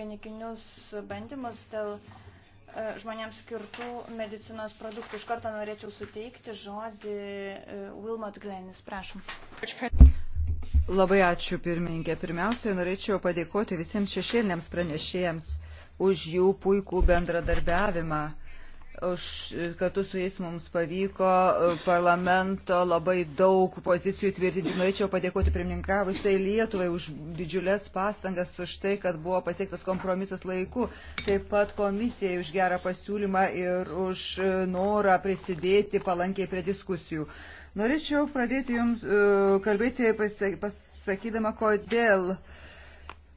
klinikinius bandymus dėl e, žmonėms skirtų medicinos produktų. Iš karto norėčiau suteikti žodį e, Wilmot Glenis. Prašom. Labai ačiū pirmininkė. Pirmiausiai norėčiau padėkoti visiems šešėliniams pranešėjams už jų puikų bendradarbiavimą Už, kartu su jais mums pavyko e, parlamento labai daug pozicijų tvirtinti. Norėčiau padėkoti pirmininkavusiai Lietuvai už didžiulės pastangas, už tai, kad buvo pasiektas kompromisas laiku. Taip pat komisijai už gerą pasiūlymą ir už e, norą prisidėti palankiai prie diskusijų. Norėčiau pradėti Jums e, kalbėti pasakydama, kodėl uh,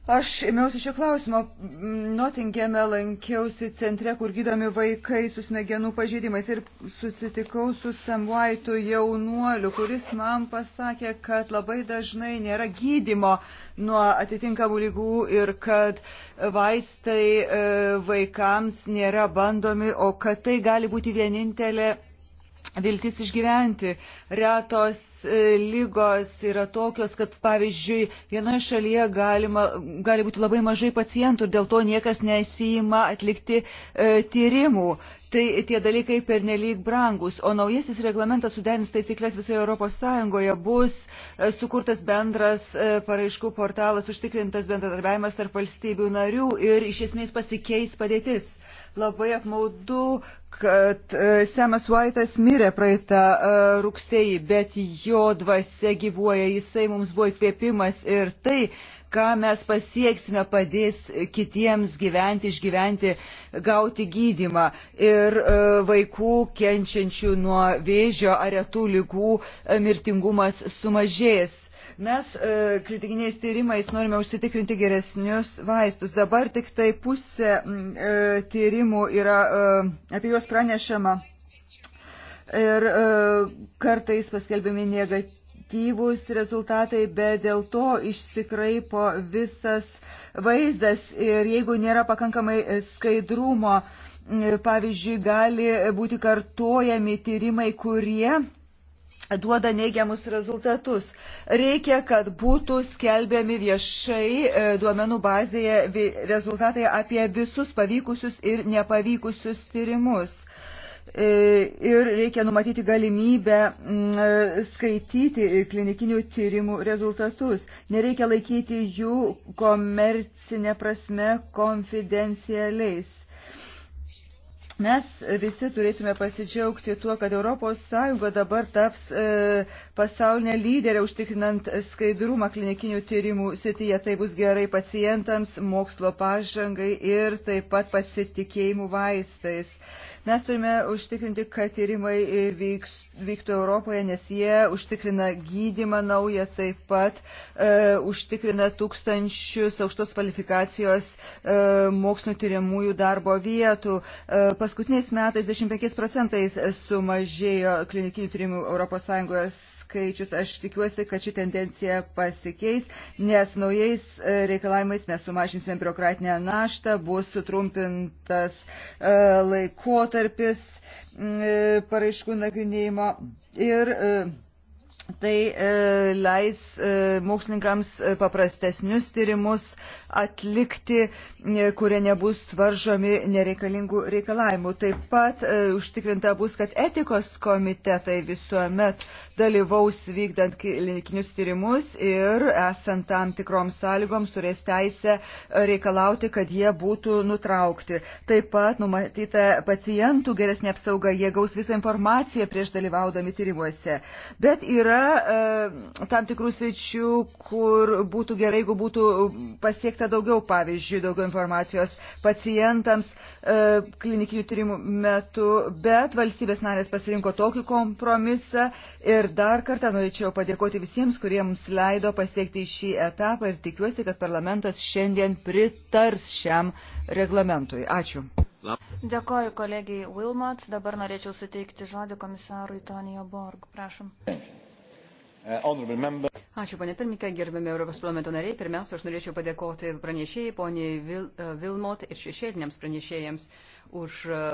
Aš ėmiausi šio klausimo. Notingeme lankiausi centre, kur gydomi vaikai su smegenų pažeidimais ir susitikau su Samuaitu jaunuoliu, kuris man pasakė, kad labai dažnai nėra gydimo nuo atitinkamų lygų ir kad vaistai e, vaikams nėra bandomi, o kad tai gali būti vienintelė viltis išgyventi. Retos e, lygos yra tokios, kad pavyzdžiui, vienoje šalyje galima, gali būti labai mažai pacientų ir dėl to niekas nesijima atlikti e, tyrimų tai tie dalykai pernelyg brangus, o naujasis reglamentas suderins taisyklės visoje Europos Sąjungoje bus e, sukurtas bendras e, paraiškų portalas, užtikrintas bendradarbiavimas tarp valstybių narių ir iš esmės pasikeis padėtis. Labai apmaudu, kad e, Semas Vaitas mirė praeitą rugsėjį, bet jo dvasia gyvuoja, jisai mums buvo įkvėpimas ir tai ką mes pasieksime, padės kitiems gyventi, išgyventi, gauti gydimą. Ir e, vaikų kenčiančių nuo vėžio ar retų lygų e, mirtingumas sumažės. Mes e, klinikiniais tyrimais norime užsitikrinti geresnius vaistus. Dabar tik tai pusė tyrimų yra, apie juos pranešama. Ir kartais paskelbiami negatyvai pozityvūs rezultatai, bet dėl to išsikraipo visas vaizdas ir jeigu nėra pakankamai skaidrumo, pavyzdžiui, gali būti kartuojami tyrimai, kurie duoda neigiamus rezultatus. Reikia, kad būtų skelbiami viešai e, duomenų bazėje rezultatai apie visus pavykusius ir nepavykusius tyrimus. E, ir reikia numatyti galimybę mm, e, skaityti klinikinių tyrimų rezultatus. Nereikia laikyti jų komercinė prasme konfidencialiais. Mes visi turėtume pasidžiaugti tuo, kad ES dabar taps e, pasaulinė lyderė užtikrinant skaidrumą klinikinių tyrimų sityje. Tai bus gerai pacientams, mokslo pažangai ir taip pat pasitikėjimų vaistais. E, Mes turime užtikrinti, kad tyrimai vyks, vyktų Europoje, nes jie užtikrina gydimą naują, taip pat e, užtikrina tūkstančius aukštos kvalifikacijos e, mokslinio tyriamųjų darbo vietų. E, paskutiniais metais 25 procentais sumažėjo klinikinių tyrimų ES skaičius. Aš tikiuosi, kad ši tendencija pasikeis, nes naujais e, reikalavimais mes sumažinsime biurokratinę naštą, bus sutrumpintas e, laikotarpis e, paraiškų nagrinėjimo ir Tai e, leis e, mokslininkams e, paprastesnius tyrimus atlikti, e, kurie nebus varžomi nereikalingų reikalavimų. Taip pat e, užtikrinta bus, kad etikos komitetai visuomet dalyvaus vykdant klinikinius tyrimus ir esant tam tikroms sąlygoms turės teisę reikalauti, kad jie būtų nutraukti. Taip pat numatyta pacientų geresnė apsauga, jie gaus visą informaciją prieš dalyvaudami tyrimuose. Bet yra yra e, tam tikrų sričių, kur būtų gerai, jeigu būtų pasiekta daugiau, pavyzdžiui, daugiau informacijos pacientams e, klinikinių tyrimų metu, bet valstybės narės pasirinko tokį kompromisą ir dar kartą norėčiau padėkoti visiems, kurie mums leido pasiekti šį etapą ir tikiuosi, kad parlamentas šiandien pritars šiam reglamentui. Ačiū. Dėkoju kolegijai Wilmot. Dabar norėčiau suteikti žodį komisarui Tonijo Borg. Prašom. Uh, Ačiū, ponė pirmininkė, gerbėme Europos parlamento nariai. Pirmiausia, aš norėčiau padėkoti pranešėjai, poniai Vil, uh, Vilmot ir šešėliniams pranešėjams už uh,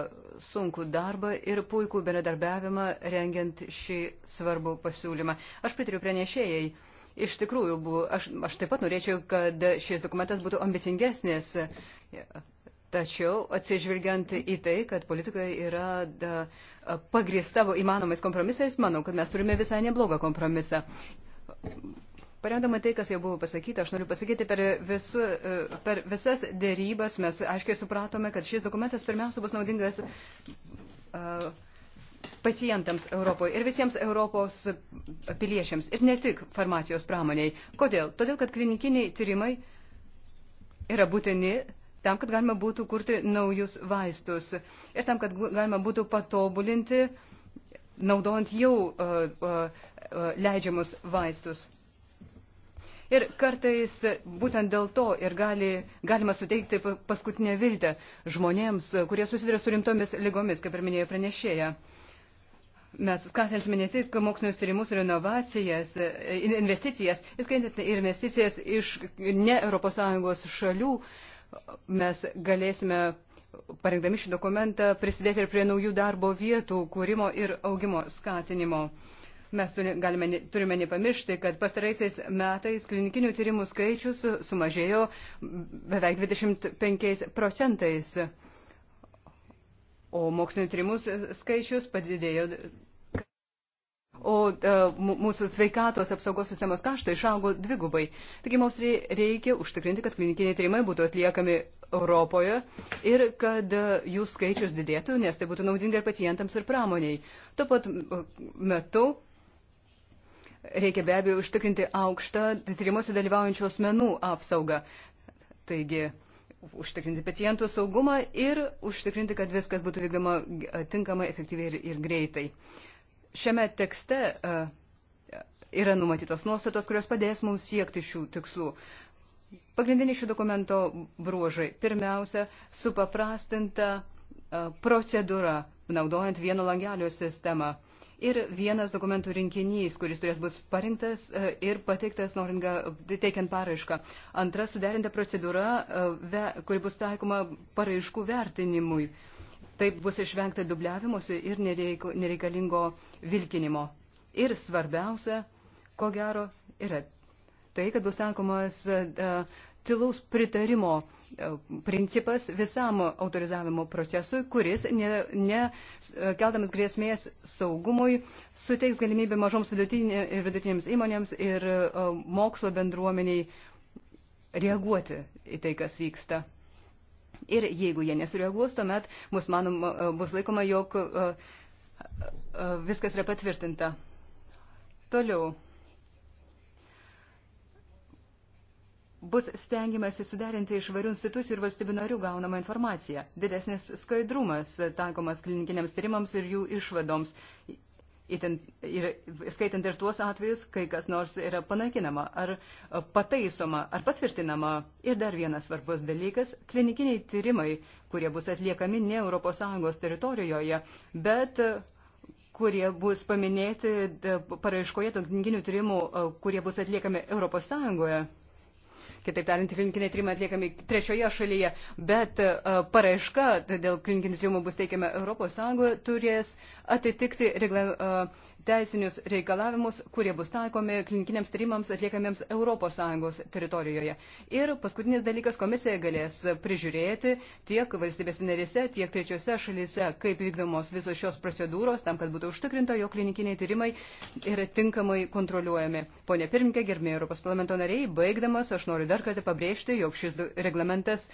sunkų darbą ir puikų bendradarbiavimą rengiant šį svarbų pasiūlymą. Aš pritariu pranešėjai. Iš tikrųjų, aš, aš taip pat norėčiau, kad šis dokumentas būtų ambicingesnis. Yeah Tačiau atsižvelgiant į tai, kad politika yra da, pagrįsta įmanomais kompromisais, manau, kad mes turime visai neblogą kompromisą. Paremdama tai, kas jau buvo pasakyta, aš noriu pasakyti, per, visu, e, per visas dėrybas mes aiškiai supratome, kad šis dokumentas pirmiausia bus naudingas uh, pacientams Europoje ir visiems Europos piliečiams ir ne tik farmacijos pramoniai. Kodėl? Todėl, kad klinikiniai tyrimai yra būtini tam, kad galima būtų kurti naujus vaistus ir tam, kad galima būtų patobulinti, naudojant jau uh, uh, leidžiamus vaistus. Ir kartais būtent dėl to ir gali, galima suteikti paskutinę viltę žmonėms, kurie susiduria su rimtomis lygomis, kaip ir minėjo pranešėja. Mes skatinsime ne tik mokslinius tyrimus ir inovacijas, investicijas, įskaitant ir investicijas iš ne ES šalių, uh, mes galėsime, parengdami šį dokumentą, prisidėti ir prie naujų darbo vietų kūrimo ir augimo skatinimo. Mes galime, turime nepamiršti, kad pastaraisiais metais klinikinių tyrimų skaičius sumažėjo beveik 25 procentais, o mokslinio tyrimų skaičius padidėjo o e, mūsų sveikatos apsaugos sistemos kaštai išaugo dvigubai. Taigi mums reikia užtikrinti, kad klinikiniai tyrimai būtų atliekami Europoje ir kad e, jų skaičius didėtų, nes tai būtų naudinga ir pacientams, ir pramoniai. Tuo pat metu reikia be abejo užtikrinti aukštą tyrimuose dalyvaujančių asmenų apsaugą. Taigi, užtikrinti pacientų saugumą ir užtikrinti, kad viskas būtų vykdoma tinkamai, efektyviai ir, ir greitai. Uh, šiame tekste e, yra numatytos nuostatos, kurios padės mums siekti šių tikslų. Pagrindiniai šio dokumento bruožai. Pirmiausia, supaprastinta e, procedūra, naudojant vieno langelio sistemą. Ir vienas dokumentų rinkinys, kuris turės būti parinktas e, ir pateiktas, noringa, teikiant paraišką. Antra, suderinta procedūra, kuri bus taikoma paraiškų vertinimui. Taip bus išvengta dubliavimuose ir nereikalingo vilkinimo. Ir svarbiausia, ko gero, yra tai, kad bus sakomas e, tilaus pritarimo e, principas visam autorizavimo procesui, kuris, nekeldamas ne, e, grėsmės saugumui, suteiks galimybę mažoms vidutinė, ir vidutinėms įmonėms ir mokslo bendruomeniai reaguoti į tai, kas vyksta. Ir jeigu jie nesureaguos, tuomet bus, manom, e, bus laikoma, jog e, e, viskas yra patvirtinta. Toliau. Bus stengiamasi suderinti iš varių institucijų ir valstybių narių gaunamą informaciją. Didesnis skaidrumas taikomas klinikiniams tyrimams ir jų išvadoms. Įtent, ir, skaitant ir tuos atvejus, kai kas nors yra panaikinama ar pataisoma ar patvirtinama. Ir dar vienas svarbus dalykas - klinikiniai tyrimai, kurie bus atliekami ne ES teritorijoje, bet e, kurie bus paminėti e, paraiškoje klinikinių tyrimų, e, kurie bus atliekami ES kitaip tariant, klinikiniai tyrimai atliekami trečioje šalyje, bet e, paraiška dėl klinikinių tyrimų bus teikiama ES turės atitikti regla, e, teisinius reikalavimus, kurie bus taikomi klinikiniams tyrimams atliekamiems ES teritorijoje. Ir paskutinis dalykas, komisija galės prižiūrėti tiek valstybės narėse, tiek trečiose šalyse, kaip vykdomos visos šios procedūros, tam, kad būtų užtikrinta, jo klinikiniai tyrimai yra tinkamai kontroliuojami. Pone pirmininkė, gerbėjai Europos parlamento nariai, baigdamas, aš noriu dar kartą pabrėžti, jog šis reglamentas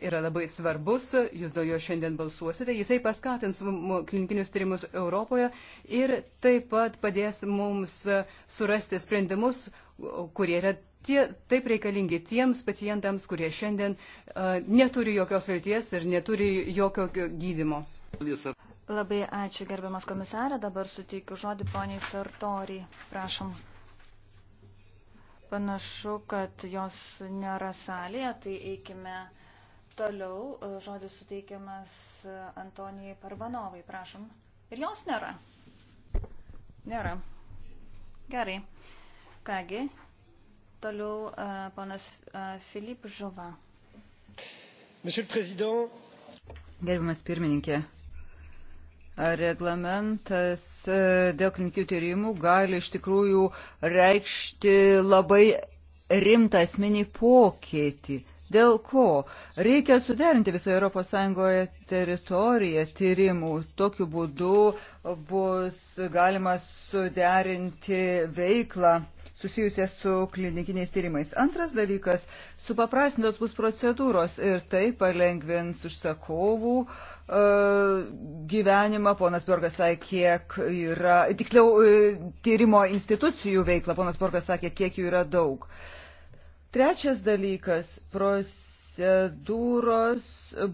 yra labai svarbus, jūs dėl jo šiandien balsuosite. Jisai paskatins klinikinius tyrimus Europoje ir taip pat padės mums surasti sprendimus, kurie yra tie, taip reikalingi tiems pacientams, kurie šiandien uh, neturi jokios vilties ir neturi jokio gydimo. Labai ačiū, gerbiamas komisarė. Dabar suteikiu žodį poniai Sartoriai. Prašom. Panašu, kad jos nėra salėje, tai eikime Toliau e, žodis suteikiamas e, Antonijai Parvanovai, prašom. Ir jos nėra. Nėra. Gerai. Kągi, toliau uh, ponas uh, Filip Žova. Gerbiamas pirmininkė, reglamentas dėl klinikinių tyrimų gali iš tikrųjų reikšti labai rimtą asmenį pokėtį. Dėl ko reikia suderinti visoje ES teritoriją tyrimų. Tokiu būdu bus galima suderinti veiklą susijusią su klinikiniais tyrimais. Antras dalykas - supaprastintos bus procedūros ir tai palengvins užsakovų e, gyvenimą. Ponas Borgas sakė, kiek yra, tiksliau, e, tyrimo institucijų veiklą. Ponas Borgas sakė, kiek jų yra daug. E, Trečias dalykas - procedūros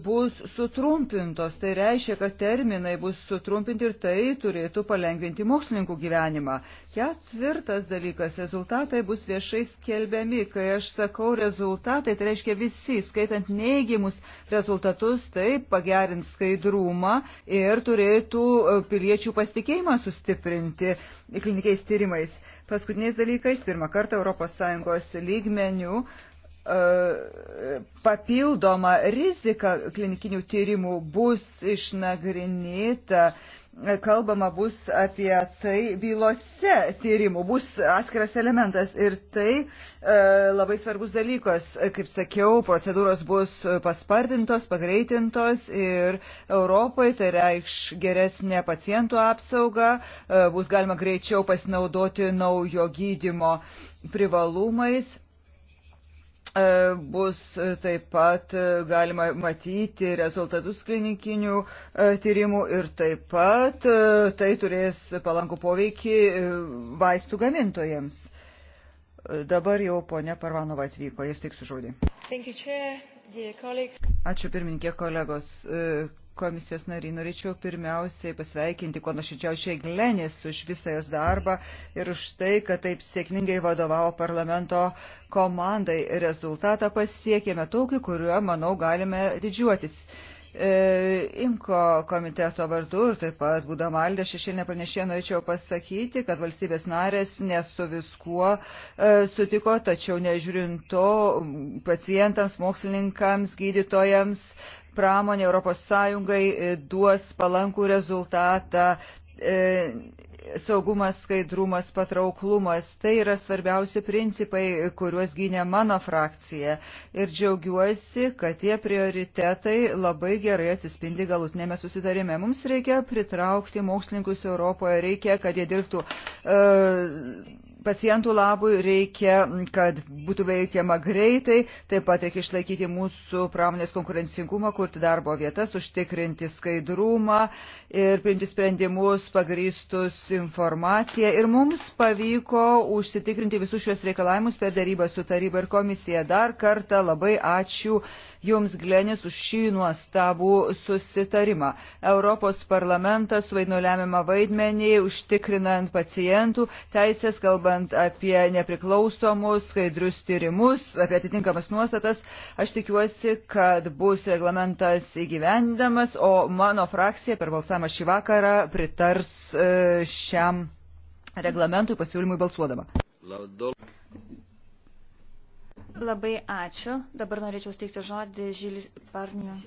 bus sutrumpintos. Tai reiškia, kad terminai bus sutrumpinti ir tai turėtų palengvinti mokslininkų gyvenimą. Ketvirtas dalykas - rezultatai bus viešai skelbiami. Kai aš sakau rezultatai, tai reiškia visi, skaitant neigiamus rezultatus, tai pagerins skaidrumą ir turėtų e, piliečių pasitikėjimą sustiprinti klinikiais tyrimais. Paskutiniais dalykais, pirmą kartą ES lygmenių E, papildoma rizika klinikinių tyrimų bus išnagrinėta, e, kalbama bus apie tai bylose tyrimų, bus atskiras elementas ir tai e, labai svarbus dalykas. E, kaip sakiau, procedūros bus paspartintos, pagreitintos ir Europai tai reikš geresnė pacientų apsauga, e, bus galima greičiau pasinaudoti naujo gydimo privalumais E, bus e, taip pat e, galima matyti rezultatus klinikinių tyrimų ir taip pat tai turės palankų poveikį vaistų gamintojams. Dabar jau ponia Parvanova atvyko, jis tik su žodį. Ačiū pirmininkė kolegos komisijos nariai. Norėčiau pirmiausiai pasveikinti kuo nuoširdžiausiai Glenės už visą jos darbą ir už tai, kad taip sėkmingai vadovavo parlamento komandai. Rezultatą pasiekėme tokį, kuriuo, manau, galime didžiuotis. E, Imko komiteto vardu ir taip pat būdama Aldė šešėlinė pranešė, norėčiau pasakyti, kad valstybės narės nesu viskuo e, sutiko, tačiau nežiūrint to pacientams, mokslininkams, gydytojams, pramonė Europos Sąjungai e, duos palankų rezultatą. E, saugumas, skaidrumas, patrauklumas - tai yra svarbiausi principai, kuriuos gynė mano frakcija. Ir džiaugiuosi, kad tie prioritetai labai gerai atsispindi galutinėme susitarime. Mums reikia pritraukti mokslininkus Europoje, reikia, kad jie dirbtų. Uh, pacientų labui reikia, kad būtų veikiama greitai, taip pat reikia išlaikyti mūsų pramonės konkurencingumą, kurti darbo vietas, užtikrinti skaidrumą ir priimti sprendimus pagrįstus informaciją. Ir mums pavyko užsitikrinti visus šios reikalavimus per darybą su taryba ir komisija. Dar kartą labai ačiū Jums, Glenis, už šį nuostabų susitarimą. Europos parlamentas vaidino lemiamą vaidmenį, užtikrinant pacientų teisės, kalbant kalbant apie nepriklausomus, skaidrius tyrimus, apie atitinkamas nuostatas. Aš tikiuosi, kad bus reglamentas įgyvendamas, o mano frakcija per balsavimą šį vakarą pritars e, šiam reglamentui pasiūlymui balsuodama. Labai ačiū. Dabar norėčiau steikti žodį Žilis Parniu.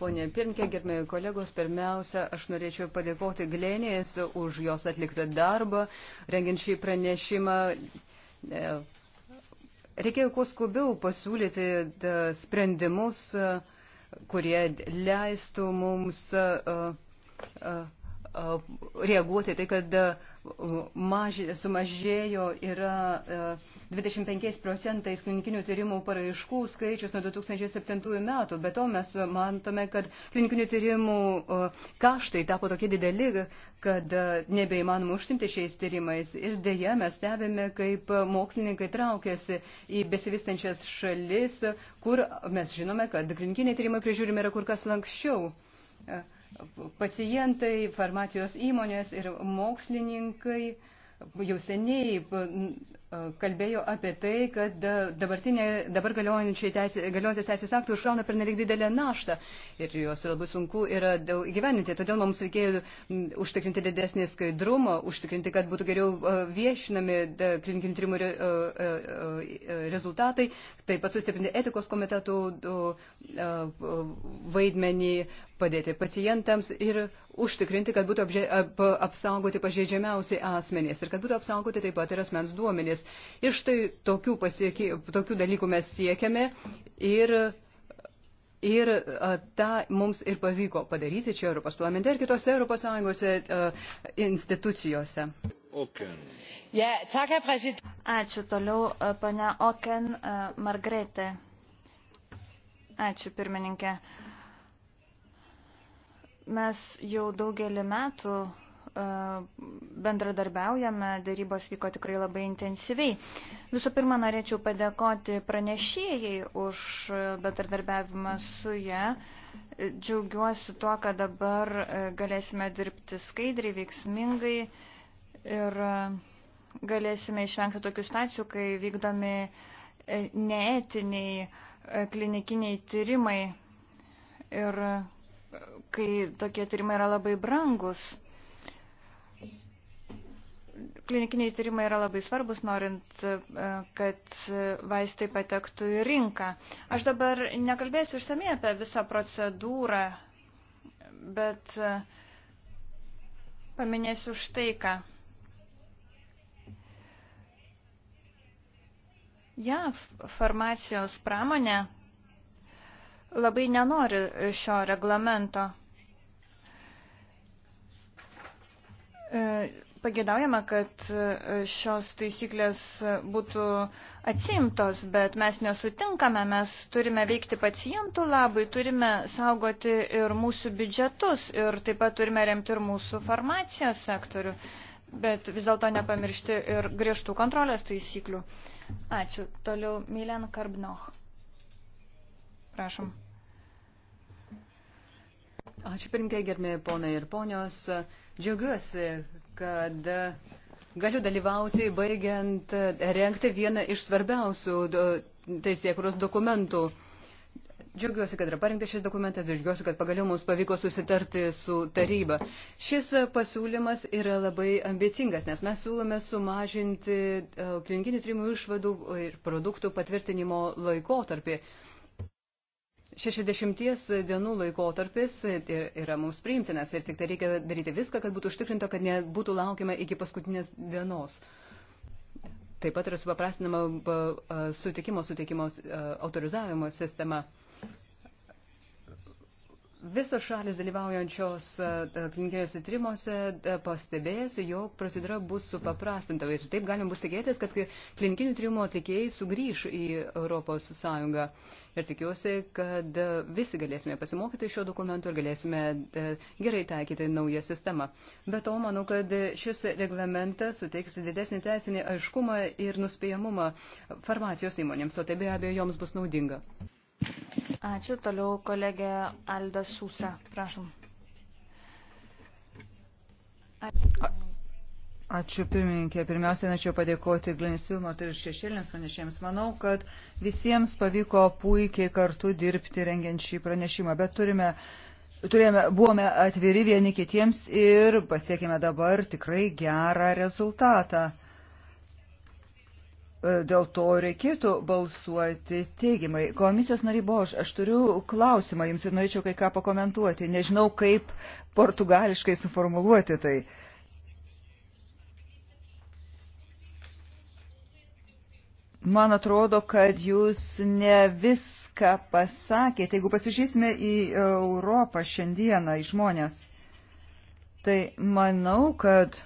Pone Pirmke, gerbėjai kolegos, pirmiausia, aš norėčiau padėkoti Glenės už jos atliktą darbą, rengiant šį pranešimą. E, reikėjo kuo skubiau pasiūlyti e, sprendimus, e, kurie leistų mums. Uh, uh, reaguoti tai, kad mažė, sumažėjo yra 25 procentais klinikinių tyrimų paraiškų skaičius nuo 2007 metų. Be to mes mantome, kad klinikinių tyrimų kaštai tapo tokie dideli, kad nebeįmanoma užsimti šiais tyrimais. Ir dėja mes stebime, kaip mokslininkai traukiasi į besivystančias šalis, kur mes žinome, kad klinikiniai tyrimai prižiūrimi yra kur kas lankščiau. Yeah. Pacientai, farmacijos įmonės ir mokslininkai jau seniai kalbėjo apie tai, kad dabartinė, dabar galiojantis teisės aktų išrauna per nelik didelę naštą ir juos labai sunku yra gyveninti. Todėl mums reikėjo užtikrinti didesnį skaidrumą, užtikrinti, kad būtų geriau viešinami klinikinių tyrimų rezultatai, taip pat sustiprinti etikos komitetų vaidmenį, padėti pacientams ir užtikrinti, kad būtų apžė, ap, apsaugoti pažeidžiamiausi asmenys ir kad būtų apsaugoti taip pat ir asmens duomenys. Ir štai tokių, pasiekė, tokių dalykų mes siekiame ir, ir a, tą mums ir pavyko padaryti čia Europos parlamente ir kitose Europos Sąjungose a, institucijose. Okay. Yeah, tak, Ačiū toliau, e, ponia Oken, e, Margretė. Ačiū, pirmininkė. Uh, Mes jau daugelį metų e, bendradarbiaujame, darybos vyko tikrai labai intensyviai. Visų pirma, norėčiau padėkoti pranešėjai už bendradarbiavimą su ją. Džiaugiuosi tuo, kad dabar e, galėsime dirbti skaidriai, veiksmingai ir e, galėsime išvengti tokių stacijų, kai vykdomi neetiniai klinikiniai tyrimai ir kai tokie tyrimai yra labai brangus. Klinikiniai tyrimai yra labai svarbus, norint, e, kad vaistai patektų į rinką. Aš dabar nekalbėsiu išsamei apie visą procedūrą, bet e, paminėsiu štai ką. JAV farmacijos pramonė labai nenori šio reglamento. E, Pagėdaujama, kad šios taisyklės būtų atsimtos, bet mes nesutinkame, mes turime veikti pacientų labai, turime saugoti ir mūsų biudžetus ir taip pat turime remti ir mūsų farmacijos sektorių, bet vis dėlto nepamiršti ir griežtų kontrolės taisyklių. Ačiū. Toliau Milen Karbnoch. Prašom. Ačiū pirmkai, gerbėjai ponai ir ponios. Džiaugiuosi, kad galiu dalyvauti baigiant renkti vieną iš svarbiausių teisėkuros dokumentų. Džiaugiuosi, kad yra parinktas šis dokumentas, džiaugiuosi, kad pagaliau mums pavyko susitarti su taryba. Šis pasiūlymas yra labai ambicingas, nes mes siūlome sumažinti e, klinikinių trimų išvadų ir produktų patvirtinimo laikotarpį. 60 dienų laikotarpis yra mums priimtinas ir tik tai reikia daryti viską, kad būtų užtikrinta, kad nebūtų laukiama iki paskutinės dienos. Taip pat yra supaprastinama sutikimo sutikimo autorizavimo sistema. Visos šalis dalyvaujančios e, e, klinikiniuose tyrimuose e, pastebės, jog procedūra bus supaprastinta ir taip galim bus tikėtis, kad klinikinių tyrimų atlikėjai sugrįž į Europos Sąjungą. Ir tikiuosi, kad visi galėsime pasimokyti iš šio dokumento ir galėsime gerai taikyti naują sistemą. Be to, manau, kad šis reglamentas suteiks didesnį teisinį aiškumą ir nuspėjamumą farmacijos įmonėms, o tai be abejo joms bus naudinga. Ačiū. Toliau kolegė Alda Susa. Prašom. Ačiū. Ačiū pirmininkė. Pirmiausia, norėčiau padėkoti Glenis Vilmot ir šešėlinės pranešėjams. Manau, kad visiems pavyko puikiai kartu dirbti rengiant šį pranešimą, bet turime, turėjome, buvome atviri vieni kitiems ir pasiekėme dabar tikrai gerą rezultatą. E, dėl to reikėtų balsuoti teigiamai. Komisijos naribož, aš turiu klausimą jums ir norėčiau kai ką pakomentuoti. Nežinau, kaip portugališkai suformuluoti tai. Man atrodo, kad jūs ne viską pasakėte. Jeigu pasižiūrėsime į Europą šiandieną, į žmonės, tai manau, kad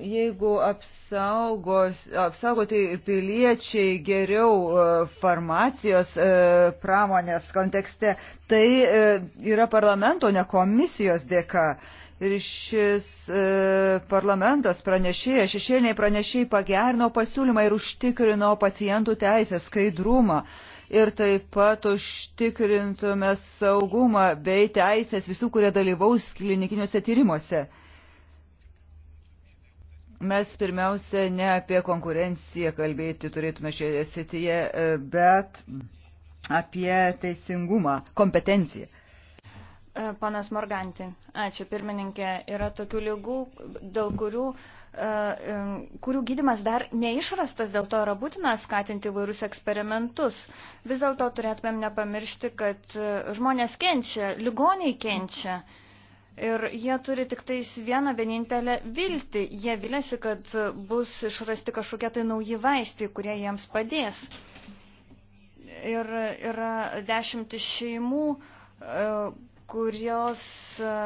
Jeigu apsaugos, apsaugoti piliečiai geriau e, farmacijos e, pramonės kontekste, tai e, yra parlamento, ne komisijos dėka. Ir šis parlamentas pranešėja, šešėliniai pranešėjai pagerino pasiūlymą ir užtikrino pacientų teisę skaidrumą ir taip pat užtikrintume saugumą bei teisės visų, kurie dalyvaus klinikiniuose tyrimuose. Mes pirmiausia ne apie konkurenciją kalbėti turėtume šioje srityje, e, bet apie teisingumą, kompetenciją. E, Panas Morganti, ačiū pirmininkė. Yra tokių lygų, dėl kurių, e, kurių gydimas dar neišrastas, dėl to yra būtina skatinti vairius eksperimentus. Vis dėlto turėtumėm nepamiršti, kad žmonės kenčia, ligoniai kenčia. Mm Ir jie turi tik tais vieną vienintelę viltį. Jie vilėsi, kad bus išrasti kažkokie tai nauji vaistai, kurie jiems padės. Ir yra dešimtis šeimų, e, kurios, e,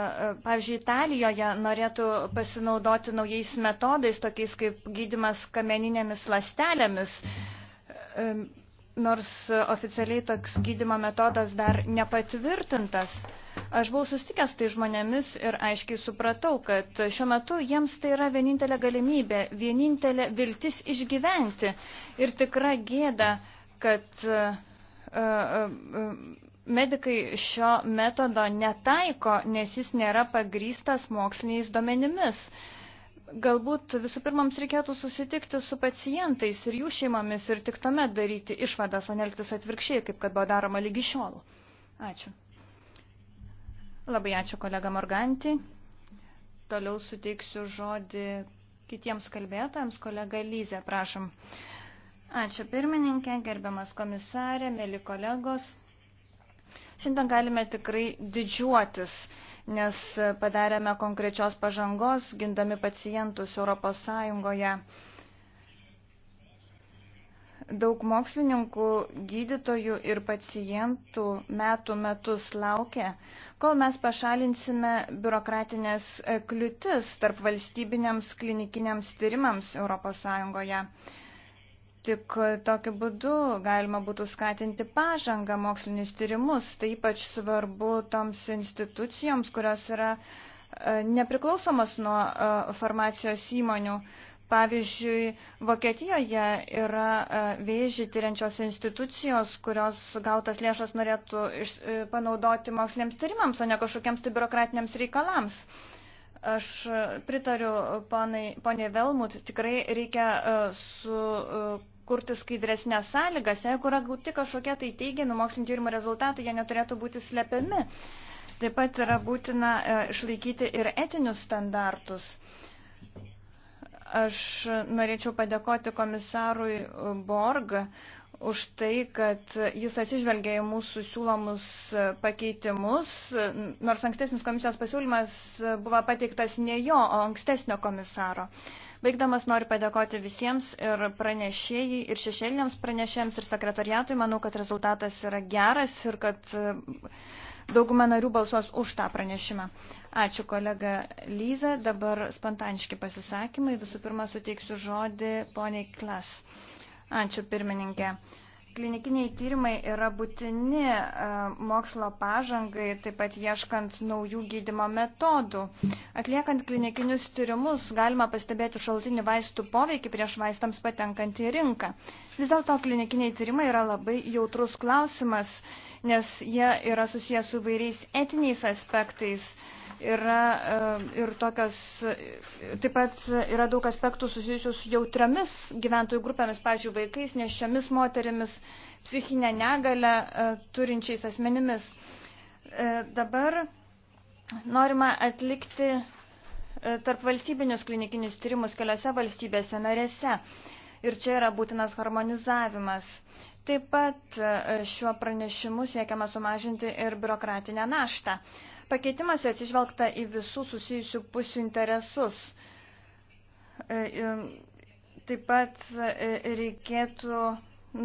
pavyzdžiui, Italijoje norėtų pasinaudoti naujais metodais, tokiais kaip gydimas kamieninėmis lastelėmis e, nors oficialiai toks gydimo metodas dar nepatvirtintas. Aš buvau sustikęs tai žmonėmis ir aiškiai supratau, kad šiuo metu jiems tai yra vienintelė galimybė, vienintelė viltis išgyventi. Ir tikra gėda, kad uh, uh, medikai šio metodo netaiko, nes jis nėra pagrystas moksliniais duomenimis. Uh, Galbūt visų pirma, mums reikėtų susitikti su pacientais ir jų šeimomis ir tik tuomet daryti išvadas, o nelgtis atvirkščiai, kaip kad buvo daroma lygi šiol. Ačiū. Labai ačiū kolega Morganti. Toliau suteiksiu žodį kitiems kalbėtojams. Kolega Lyzė, prašom. Ačiū pirmininkė, gerbiamas komisarė, mėly kolegos. Šiandien galime tikrai didžiuotis nes padarėme konkrečios pažangos, gindami pacientus Europos Sąjungoje. Daug mokslininkų, gydytojų ir pacientų metų metus laukia, kol mes pašalinsime biurokratinės kliūtis tarp valstybiniams klinikiniams tyrimams Europos Sąjungoje. Tik tokiu būdu galima būtų skatinti pažangą mokslinis tyrimus. Tai ypač svarbu toms institucijoms, kurios yra e, nepriklausomas nuo e, farmacijos įmonių. Pavyzdžiui, Vokietijoje yra e, vėžį tyriančios institucijos, kurios gautas lėšas norėtų panaudoti moksliniams tyrimams, o ne kažkokiems tai biurokratiniams reikalams. Aš pritariu poniai Velmut, tikrai reikia su kurti skaidresnės sąlygas. Jeigu yra gauti kažkokie tai teigiami mokslinio tyrimo rezultatai, jie neturėtų būti slepiami. Taip pat yra būtina e, išlaikyti ir etinius standartus. Aš norėčiau padėkoti komisarui e, Borg už tai, kad jis atsižvelgia į mūsų siūlomus e, pakeitimus, nors ankstesnis komisijos pasiūlymas buvo pateiktas ne jo, o ankstesnio komisaro. Uh, Baigdamas noriu padėkoti visiems ir pranešėjai, ir šešėliniams pranešėjams, ir sekretariatui. Manau, kad rezultatas yra geras ir kad e, dauguma narių balsuos už tą pranešimą. Ačiū kolega Lyza. Dabar spontaniški pasisakymai. Visų pirma, suteiksiu žodį poniai Klas. Ačiū pirmininkė klinikiniai tyrimai yra būtini e, mokslo pažangai, taip pat ieškant naujų gydimo metodų. Atliekant klinikinius tyrimus galima pastebėti šaltinį vaistų poveikį prieš vaistams patenkant į rinką. Vis dėlto klinikiniai tyrimai yra labai jautrus klausimas nes jie yra susijęs su vairiais etiniais aspektais. Yra e, ir tokios, e, taip pat yra daug aspektų susijusių su jautriamis gyventojų grupėmis, pažiūrėjau, vaikais, nešiomis moterimis, psichinę negalę e, turinčiais asmenimis. Dabar norima atlikti tarp valstybinius klinikinius tyrimus keliose valstybėse narėse. Ir čia yra būtinas harmonizavimas. Taip pat e, šiuo pranešimu siekiama sumažinti ir biurokratinę naštą. Pakeitimuose atsižvelgta į visų susijusių pusių interesus. E, taip pat e, reikėtų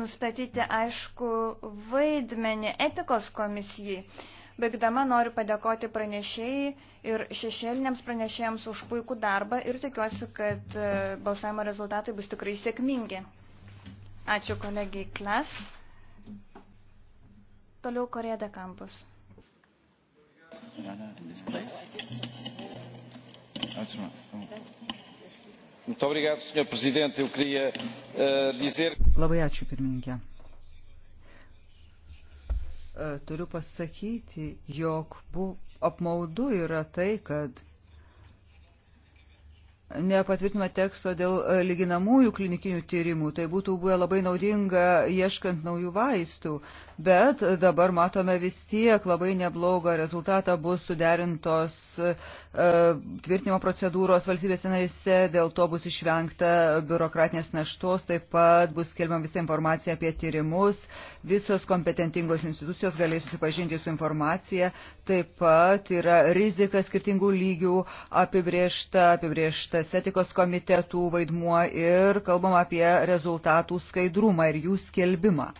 nustatyti aišku vaidmenį etikos komisijai. Baigdama noriu padėkoti pranešėjai ir šešėliniams pranešėjams už puikų darbą ir tikiuosi, kad balsavimo rezultatai bus tikrai sėkmingi. Ačiū kolegijai Klas. Toliau Korėja de Campus. Eh, Labai ačiū, pirmininkė. Eh, turiu pasakyti, jog bu, apmaudu yra tai, kad nepatvirtinimą teksto dėl e, lyginamųjų klinikinių tyrimų. Tai būtų buvę labai naudinga ieškant naujų vaistų, bet dabar matome vis tiek labai neblogą rezultatą bus suderintos e, tvirtinimo procedūros valstybės narėse, dėl to bus išvengta biurokratinės naštos, taip pat bus skelbiam visą informaciją apie tyrimus, visos kompetentingos institucijos galės susipažinti su informacija, taip pat yra rizika skirtingų lygių apibriešta, apibriešta komitetas, etikos komitetų vaidmuo ir kalbam apie rezultatų skaidrumą ir jų skelbimą.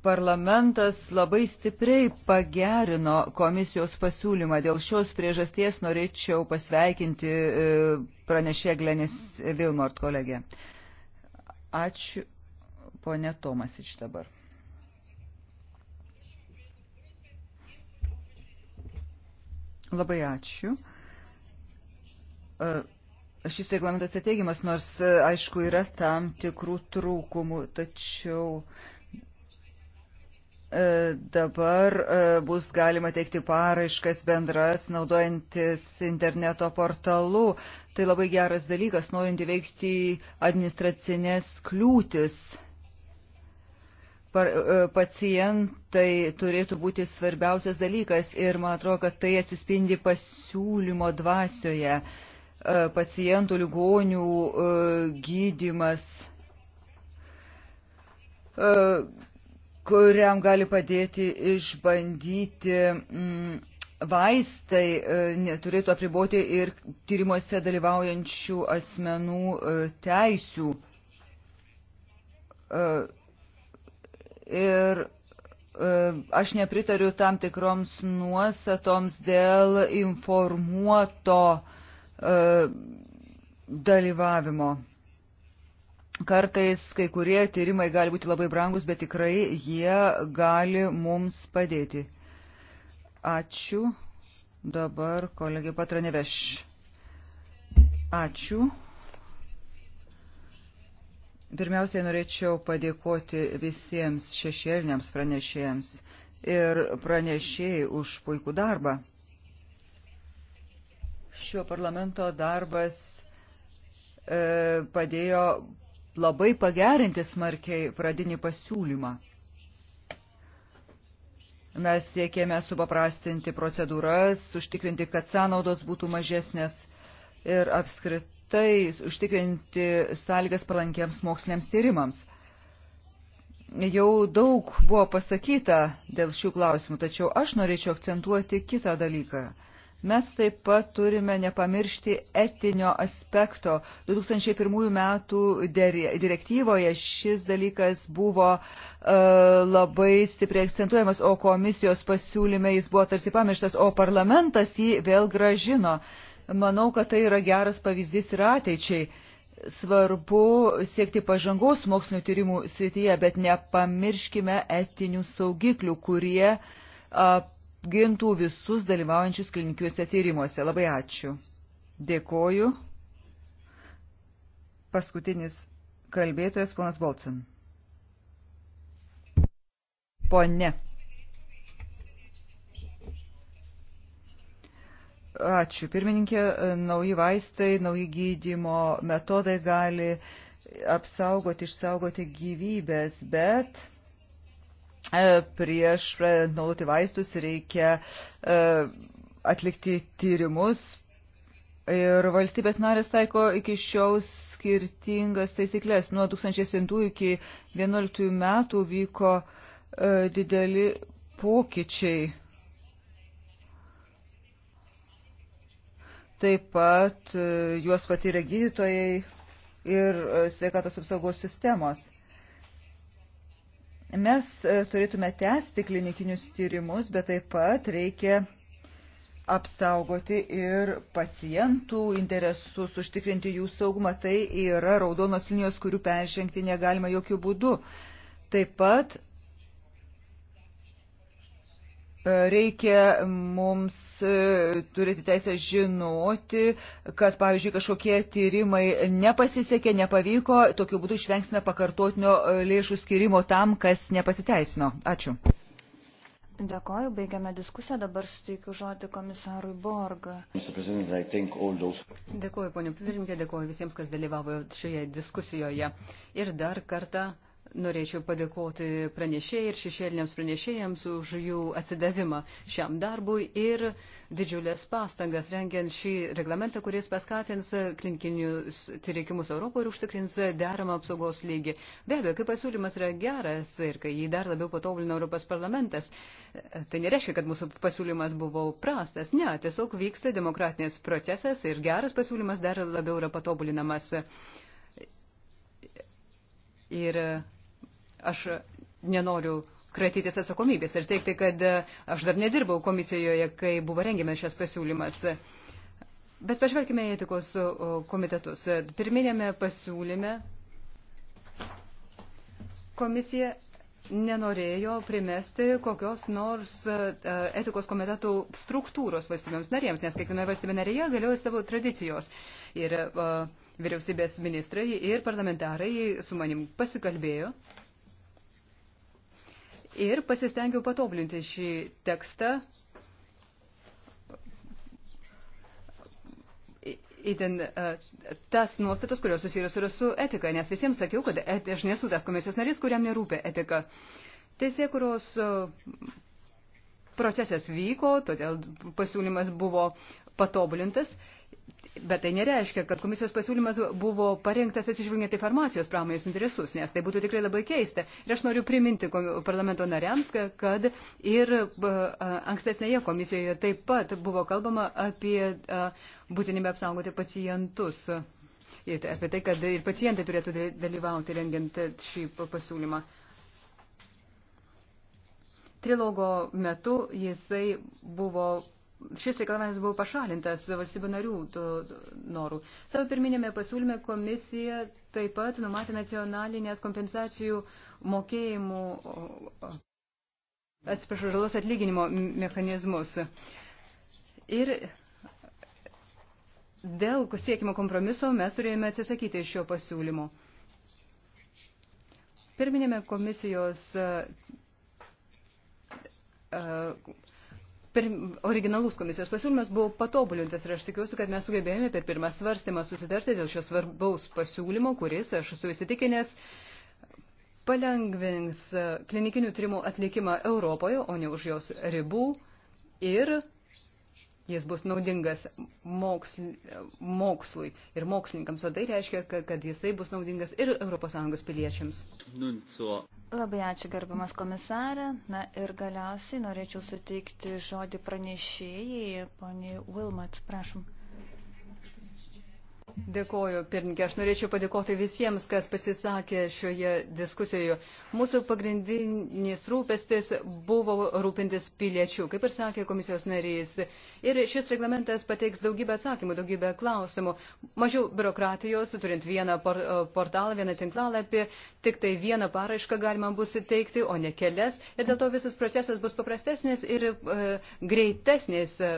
Parlamentas labai stipriai pagerino komisijos pasiūlymą. Dėl šios priežasties norėčiau pasveikinti e, pranešė Glenis Vilmort kolegė. Ačiū, ponė Tomasič dabar. Labai ačiū šis reglamentas ateigimas, nors aišku yra tam tikrų trūkumų, tačiau dabar bus galima teikti paraiškas bendras naudojantis interneto portalu. Tai labai geras dalykas, norint įveikti administracinės kliūtis. Par, pacientai turėtų būti svarbiausias dalykas ir man atrodo, kad tai atsispindi pasiūlymo dvasioje. Uh, E, pacientų ligonių e, gydimas, e, kuriam gali padėti išbandyti mm, vaistai, neturėtų apriboti ir tyrimuose dalyvaujančių asmenų teisių. Ir aš nepritariu tam tikroms nuostatoms dėl informuoto uh, E, dalyvavimo. Kartais kai kurie tyrimai gali būti labai brangus, bet tikrai jie gali mums padėti. Ačiū. Dabar kolegė Patraneveš. Ačiū. Pirmiausiai norėčiau padėkoti visiems šešėliniams pranešėjams ir pranešėjai už puikų darbą šio parlamento darbas e, padėjo labai pagerinti smarkiai pradinį pasiūlymą. Mes siekėme supaprastinti procedūras, užtikrinti, kad sąnaudos būtų mažesnės ir apskritai užtikrinti sąlygas palankiems moksliniams tyrimams jau daug buvo pasakyta dėl šių klausimų, tačiau aš norėčiau akcentuoti kitą dalyką. Mes taip pat turime nepamiršti etinio aspekto. 2001 metų direktyvoje šis dalykas buvo e, labai stipriai akcentuojamas, o komisijos pasiūlyme jis buvo tarsi pamirštas, o parlamentas jį vėl gražino. Manau, kad tai yra geras pavyzdys ir ateičiai svarbu siekti pažangos mokslinio tyrimų srityje, bet nepamirškime etinių saugiklių, kurie gintų visus dalyvaujančius klinikiniuose tyrimuose. Labai ačiū. Dėkoju. Paskutinis kalbėtojas ponas Bolcin. Pone. Ačiū. Pirmininkė, nauji vaistai, nauji gydymo metodai gali apsaugoti, išsaugoti gyvybės, bet E, prieš naudoti vaistus reikia e, atlikti tyrimus. Ir valstybės narės taiko iki šiol skirtingas taisyklės. Nuo 2007 iki 2011 metų vyko e, dideli pokyčiai. Taip pat juos patyrė gydytojai ir sveikatos apsaugos sistemos. Mes e, turėtume tęsti klinikinius tyrimus, bet taip pat reikia apsaugoti ir pacientų interesus, užtikrinti jų saugumą. Tai yra raudonos linijos, kurių peržengti negalima jokių būdų. Taip pat E, reikia mums e, turėti teisę žinoti, kad, pavyzdžiui, kažkokie tyrimai nepasisekė, nepavyko, tokiu būdu išvengsime pakartotinio e, lėšų skirimo tam, kas nepasiteisino. Ačiū. Dėkoju, baigiame diskusiją, dabar suteikiu žodį komisarui Borga. Dėkoju, ponio pirmininkė, dėkoju visiems, kas dalyvavo šioje diskusijoje. Ir dar kartą Norėčiau padėkoti pranešėjai ir šešėliniams pranešėjams už jų atsidavimą šiam darbui ir didžiulės pastangas rengiant šį reglamentą, kuris paskatins klinikinius tyrikimus Europoje ir užtikrins deramą apsaugos lygį. Be abejo, kai pasiūlymas yra geras ir kai jį dar labiau patobulino Europos parlamentas, tai nereiškia, kad mūsų pasiūlymas buvo prastas. Ne, tiesiog vyksta demokratinės procesas ir geras pasiūlymas dar labiau yra patobulinamas. Ir Aš nenoriu kratytis atsakomybės ir teikti, kad aš dar nedirbau komisijoje, kai buvo rengiamas šias pasiūlymas. Bet pažvelkime į etikos komitetus. Pirminėme pasiūlyme komisija nenorėjo primesti kokios nors e, etikos komitetų struktūros valstybėms narėms, nes kiekvienoje valstybė narėje galioja savo tradicijos. Ir e, vyriausybės ministrai ir parlamentarai su manim pasikalbėjo ir pasistengiau patoblinti šį tekstą. Įtin e, tas nuostatas, kurios susijęs yra su etika, nes visiems sakiau, kad et, aš nesu tas komisijos narys, kuriam nerūpia etika. Teisė, kurios e, procesas vyko, todėl pasiūlymas buvo patobulintas Bet tai nereiškia, kad komisijos pasiūlymas buvo parengtas atsižvelgiant į farmacijos pramonės interesus, nes tai būtų tikrai labai keista. Ir aš noriu priminti parlamento nariams, kad ir ankstesnėje komisijoje taip pat buvo kalbama apie būtinybę apsaugoti pacientus. Ir apie tai, kad ir pacientai turėtų dalyvauti rengiant šį pasiūlymą. Trilogo metu jisai buvo šis reikalavimas buvo pašalintas valstybių narių to, to, norų. Savo pirminėme pasiūlyme komisija taip pat numatė nacionalinės kompensacijų mokėjimų, atsiprašau, žalos atlyginimo mechanizmus. Ir dėl siekimo kompromiso mes turėjome atsisakyti iš šio pasiūlymo. Pirminėme komisijos uh, uh, per, originalus komisijos pasiūlymas buvo patobulintas ir aš tikiuosi, kad mes sugebėjome per pirmą svarstymą susitarti dėl šio svarbaus pasiūlymo, kuris, aš esu įsitikinęs, palengvins e, klinikinių tyrimų atlikimą Europoje, o ne už jos ribų ir jis bus naudingas moksl, mokslui ir mokslininkams, o tai reiškia, kad, kad jisai bus naudingas ir ES piliečiams. Labai ačiū gerbiamas komisarė. Na ir galiausiai norėčiau suteikti žodį pranešėjai, poniai Wilmats, prašom. Dėkoju, pirmininkė. Aš norėčiau padėkoti visiems, kas pasisakė šioje diskusijoje. Mūsų pagrindinis rūpestis buvo rūpintis piliečių, kaip ir sakė komisijos narys. Ir šis reglamentas pateiks daugybę atsakymų, daugybę klausimų. Mažiau biurokratijos, turint vieną e, portalą, vieną tinklalapį, tik tai vieną paraišką galima bus įteikti, o ne kelias. Ir dėl to visas procesas bus paprastesnis ir e, greitesnis, e,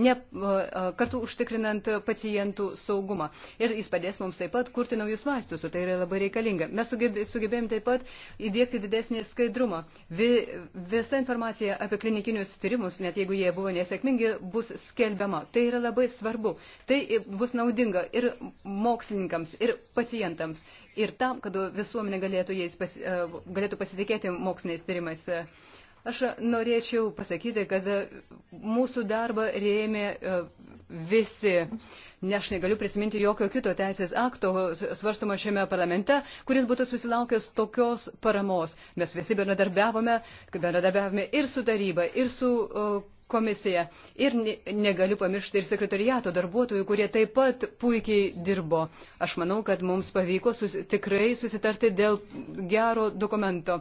ne, e, e, kartu užtikrinant pacientų saugumą saugumą. Ir jis padės mums taip pat kurti naujus vaistus, o tai yra labai reikalinga. Mes sugebėjom taip pat įdėkti didesnį skaidrumą. Vi, visa informacija apie klinikinius tyrimus, net jeigu jie buvo nesėkmingi, bus skelbiama. Tai yra labai svarbu. Tai bus naudinga ir mokslininkams, ir pacientams, ir tam, kad visuomenė galėtų, jais pas, e, galėtų pasitikėti moksliniais tyrimais. Aš norėčiau pasakyti, kad mūsų darbą rėmė e, visi. Ne aš negaliu prisiminti jokio kito teisės akto svarstamo šiame parlamente, kuris būtų susilaukęs tokios paramos. Mes visi bendradarbiavome, bendradarbiavome ir su taryba, ir su uh, komisiją. Ir negaliu pamiršti ir sekretariato darbuotojų, kurie taip pat puikiai dirbo. Aš manau, kad mums pavyko sus, tikrai susitarti dėl gero dokumento.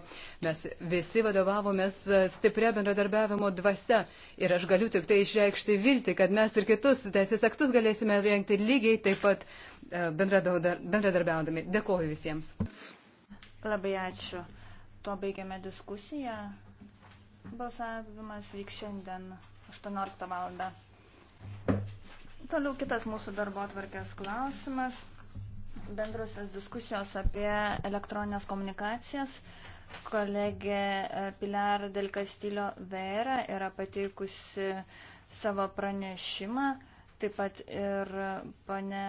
Mes visi vadovavomės stipria bendradarbiavimo dvasia. Ir aš galiu tik tai išreikšti viltį, kad mes ir kitus teisės aktus galėsime rengti lygiai taip pat e, bendradarbiaudami. Dėkoju visiems. Labai ačiū. Tuo baigiame diskusiją. Balsavimas vyks šiandien 18 val. Toliau kitas mūsų darbo atvarkės klausimas. Bendrusios diskusijos apie elektroninės komunikacijas. Kolegė Pilar del Castillo Vera yra pateikusi savo pranešimą, taip pat ir pane